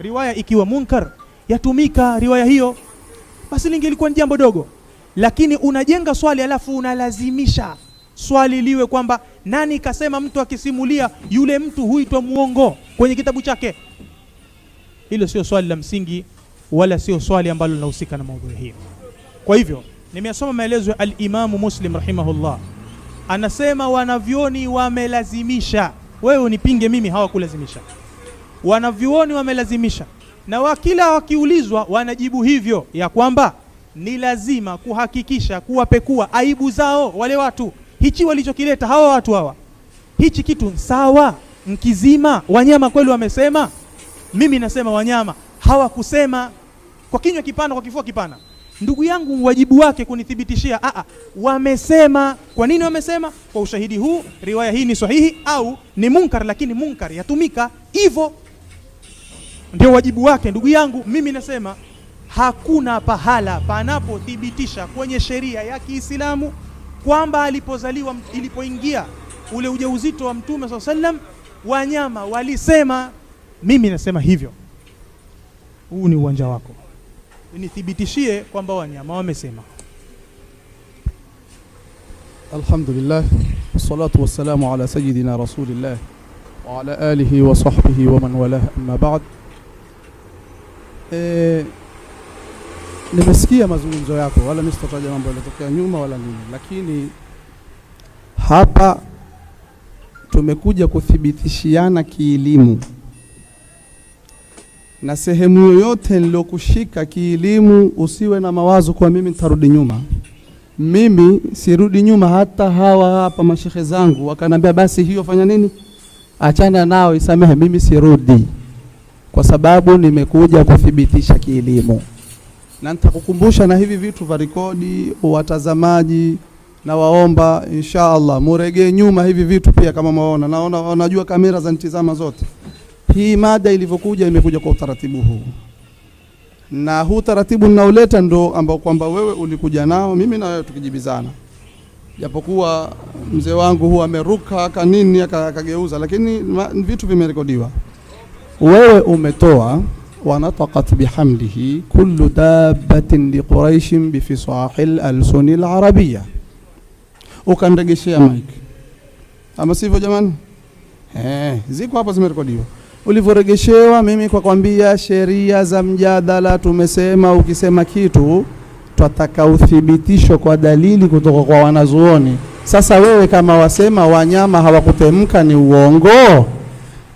riwaya ikiwa munkar yatumika riwaya hiyo, basi lingelikuwa ni jambo dogo, lakini unajenga swali alafu unalazimisha swali liwe kwamba nani kasema, mtu akisimulia yule mtu huitwa muongo kwenye kitabu chake. Hilo sio swali la msingi wala sio swali ambalo linahusika na maudhui hiyo. Kwa hivyo nimeyasoma maelezo ya Alimamu Muslim rahimahullah, anasema wanavyoni wamelazimisha. Wewe unipinge mimi, hawakulazimisha. Wanavyuoni wamelazimisha na wakila wakiulizwa wanajibu hivyo ya kwamba ni lazima kuhakikisha kuwapekua aibu zao wale watu, hichi walichokileta hawa watu hawa, hichi kitu sawa, mkizima wanyama kweli wamesema. Mimi nasema wanyama hawakusema, kwa kinywa kipana, kwa kifua kipana. Ndugu yangu, wajibu wake kunithibitishia aa, wamesema. Kwa nini wamesema? Kwa ushahidi huu, riwaya hii ni sahihi au ni munkar, lakini munkar yatumika hivyo ndio wajibu wake. Ndugu yangu, mimi nasema hakuna pahala panapothibitisha kwenye sheria ya Kiislamu kwamba alipozaliwa, ilipoingia ule ujauzito wa Mtume swalla sallam, wanyama walisema. Mimi nasema hivyo, huu ni uwanja wako, nithibitishie kwamba wanyama wamesema. Alhamdulillah, salatu wassalamu ala sayyidina rasulillah wa ala alihi wa sahbihi wa man walah, amma ba'd e, nimesikia mazungumzo yako, wala mimi sitataja mambo yaliyotokea nyuma wala nini, lakini hapa tumekuja kuthibitishiana kielimu, na sehemu yoyote nilokushika kielimu usiwe na mawazo kwa mimi nitarudi nyuma. Mimi sirudi nyuma, hata hawa hapa mashehe zangu wakanambia, basi hiyo fanya nini, achana nao, isamehe, mimi sirudi kwa sababu nimekuja kuthibitisha kielimu, na nitakukumbusha na hivi vitu vya rekodi. Watazamaji na waomba, inshallah muregee nyuma hivi vitu pia, kama mwaona, naona wanajua kamera za nitizama zote. Hii mada ilivyokuja, imekuja kwa utaratibu huu na huu taratibu ninaoleta ndo ambao kwamba wewe ulikuja nao, mimi na wewe tukijibizana, japokuwa mzee wangu huwa ameruka akanini akageuza, lakini ma, vitu vimerekodiwa wewe umetoa wanatakat bihamdihi kullu dabbatin liquraishin bifisahil alsuni larabiya, ukamregeshea hmm. mike, ama sivyo jamani? Eh, ziko hapo zimerekodiwa ulivyoregeshewa. Mimi kwa kwambia sheria za mjadala tumesema, ukisema kitu twataka uthibitisho kwa dalili kutoka kwa wanazuoni. Sasa wewe kama wasema wanyama hawakutemka ni uongo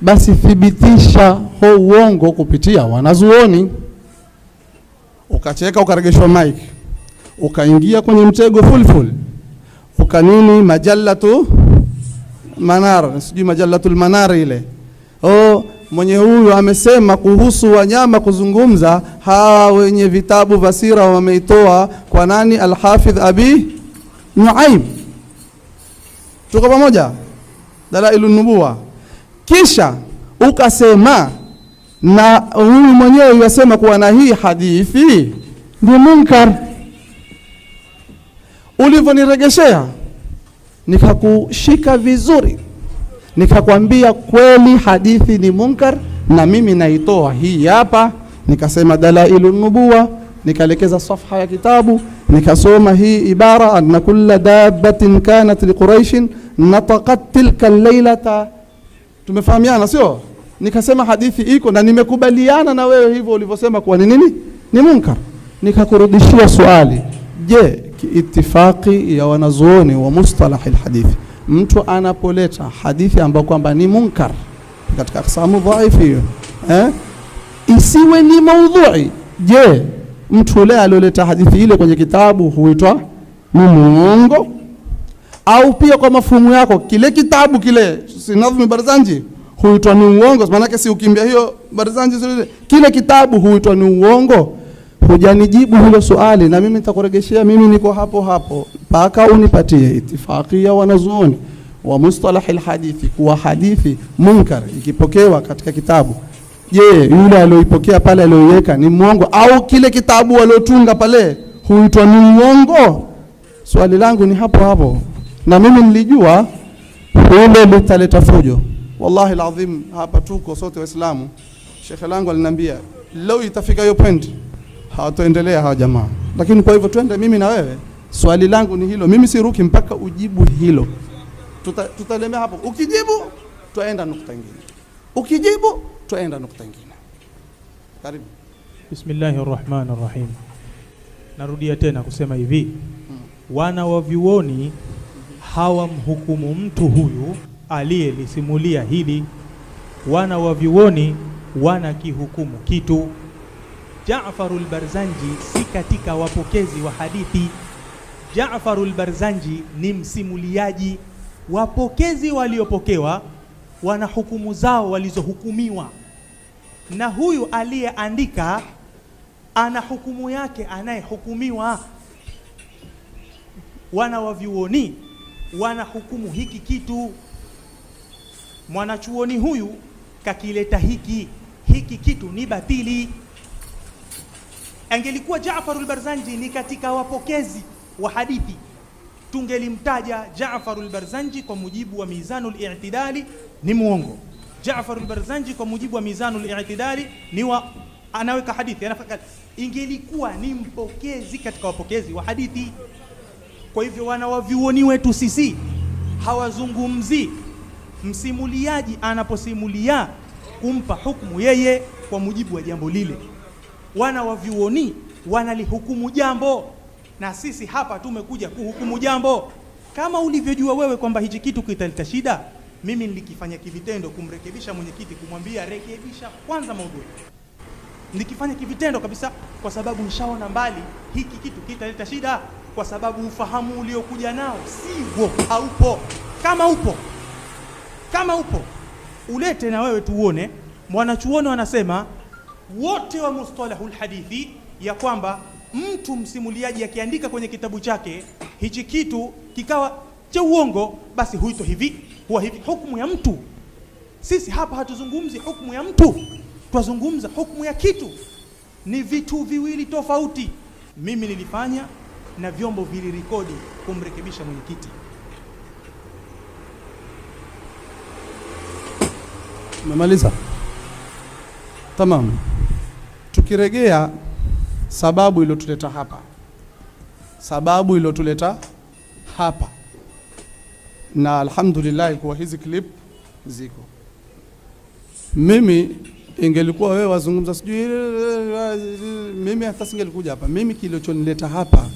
basi thibitisha ho uongo kupitia wanazuoni. Ukacheka ukaregeshwa mic, ukaingia kwenye mtego fulful, ukanini majallatu manar, sijui majalatul manar ile oh, mwenye huyu amesema kuhusu wanyama kuzungumza. Hawa wenye vitabu vya sira wameitoa kwa nani? Alhafidh Abi Nuaim. Tuko pamoja, Dalailu Nubuwa kisha ukasema na huyu mwenyewe yasema kuwa na hii hadithi ni munkar. Ulivyoniregeshea nikakushika vizuri, nikakwambia kweli hadithi ni munkar, na mimi naitoa hii hapa. Nikasema dalailu nubuwa, nikaelekeza safha ya kitabu, nikasoma hii ibara, anna kulla dabbatin kanat liquraishin nataqat tilka lailata Tumefahamiana sio? Nikasema hadithi iko na nimekubaliana na wewe hivyo ulivyosema kuwa ni nini, ni munkar. Nikakurudishia swali, je, kiitifaki ya wanazuoni wa mustalahi lhadithi mtu anapoleta hadithi ambayo kwamba ni munkar katika aksamu dhaifi hiyo eh, isiwe ni maudhui. Je, mtu ule alioleta hadithi ile kwenye kitabu huitwa ni muongo au pia kwa mafumu yako, kile kitabu kile sinavumi barazanji huitwa ni uongo, maanake si ukimbia hiyo barazanji kile kitabu huitwa ni uongo. Hujanijibu hilo swali, na mimi nitakuregeshea. Mimi niko hapo hapo mpaka unipatie itifaki ya wanazuoni wa mustalah alhadithi kuwa hadithi munkar ikipokewa katika kitabu, je, yule aliyoipokea pale aliyoiweka ni mwongo au kile kitabu aliotunga pale huitwa ni uongo? Swali langu ni hapo hapo na mimi nilijua hilo litaleta fujo. Wallahi ladhim hapa tuko sote Waislamu. Shekhe langu alinambia leo itafika hiyo point hawataendelea hawa jamaa, lakini kwa hivyo twende, mimi na wewe. Swali langu ni hilo, mimi siruki mpaka ujibu hilo. Tutalemea hapo, ukijibu twaenda nukta nyingine, ukijibu twaenda nukta nyingine. Karibu. Bismillahir Rahim. Narudia tena kusema hivi, hmm. wana wa vyuoni hawamhukumu mtu huyu aliyelisimulia hili, wana wa vyuoni wanakihukumu kitu. Ja'farul Barzanji si katika wapokezi wa hadithi. Ja'farul Barzanji ni msimuliaji. Wapokezi waliopokewa wana hukumu zao walizohukumiwa, na huyu aliyeandika ana hukumu yake anayehukumiwa. Wana wavyuoni wanahukumu hiki kitu, mwanachuoni huyu kakileta hiki hiki kitu ni batili. Angelikuwa al Barzanji ni katika wapokezi wa hadithi, tungelimtaja al Barzanji kwa mujibu wa Mizanul I'tidali ni muongo. al Barzanji kwa mujibu wa Mizanul I'tidali ni wa anaweka hadithi, anafaka. Ingelikuwa ni mpokezi katika wapokezi wa hadithi kwa hivyo wana wanawavyuoni wetu sisi hawazungumzi msimuliaji anaposimulia kumpa hukumu yeye kwa mujibu wa jambo lile. wana Wanawavyuoni wanalihukumu jambo, na sisi hapa tumekuja kuhukumu jambo. Kama ulivyojua wewe kwamba hichi kitu kitaleta shida, mimi nilikifanya kivitendo, kumrekebisha mwenyekiti, kumwambia rekebisha kwanza maudhui nikifanya kivitendo kabisa, kwa sababu nishaona mbali hiki kitu kitaleta shida kwa sababu ufahamu uliokuja nao si huo, haupo. Kama upo kama upo ulete na wewe tuone. Mwanachuoni wanasema wote wa mustalahul hadithi ya kwamba mtu msimuliaji akiandika kwenye kitabu chake hichi kitu kikawa cha uongo, basi huito hivi, huwa hivi, hukumu ya mtu. Sisi hapa hatuzungumzi hukumu ya mtu, twazungumza hukumu ya kitu. Ni vitu viwili tofauti. Mimi nilifanya na vyombo vilirekodi kumrekebisha mwenyekiti. Umemaliza? Tamam. Tukiregea sababu iliyotuleta hapa, sababu iliyotuleta hapa, na alhamdulillah kuwa hizi clip ziko. Mimi ingelikuwa wewe wazungumza sijui, mimi hata singelikuja hapa. Mimi kilichonileta hapa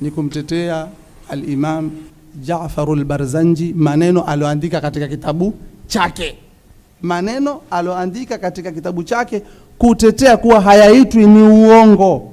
ni kumtetea al-Imam lbarzanji al-Barzanji, maneno alioandika katika kitabu chake, maneno aloandika katika kitabu chake kutetea kuwa hayaitwi ni uongo